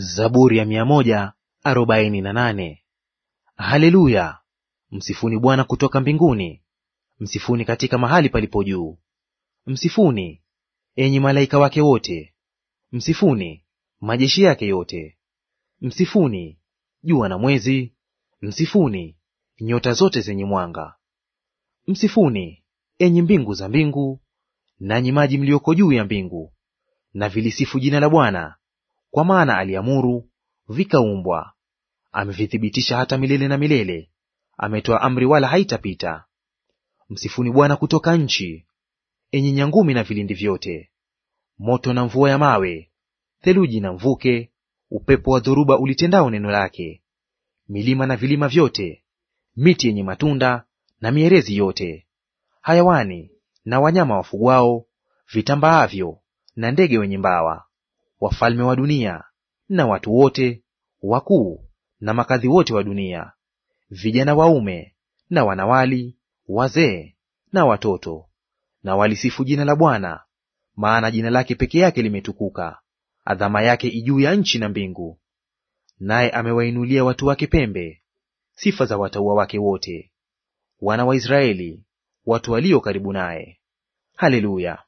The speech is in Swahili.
Zaburi ya mia moja arobaini na nane. Haleluya! Msifuni Bwana kutoka mbinguni, msifuni katika mahali palipo juu. Msifuni enyi malaika wake wote, msifuni majeshi yake yote. Msifuni jua na mwezi, msifuni nyota zote zenye mwanga. Msifuni enyi mbingu za mbingu, nanyi maji mlioko juu ya mbingu, na vilisifu jina la Bwana kwa maana aliamuru vikaumbwa, amevithibitisha hata milele na milele, ametoa amri wala haitapita. Msifuni Bwana kutoka nchi, enyi nyangumi na vilindi vyote, moto na mvua ya mawe, theluji na mvuke, upepo wa dhoruba ulitendao neno lake, milima na vilima vyote, miti yenye matunda na mierezi yote, hayawani na wanyama wafugwao, vitambaavyo na ndege wenye mbawa wafalme wa dunia na watu wote wakuu na makadhi wote wa dunia, vijana waume na wanawali, wazee na watoto, na walisifu jina la Bwana, maana jina lake peke yake limetukuka, adhama yake ijuu ya nchi na mbingu. Naye amewainulia watu wake pembe, sifa za watauwa wake wote, wana wa Israeli, watu walio karibu naye. Haleluya!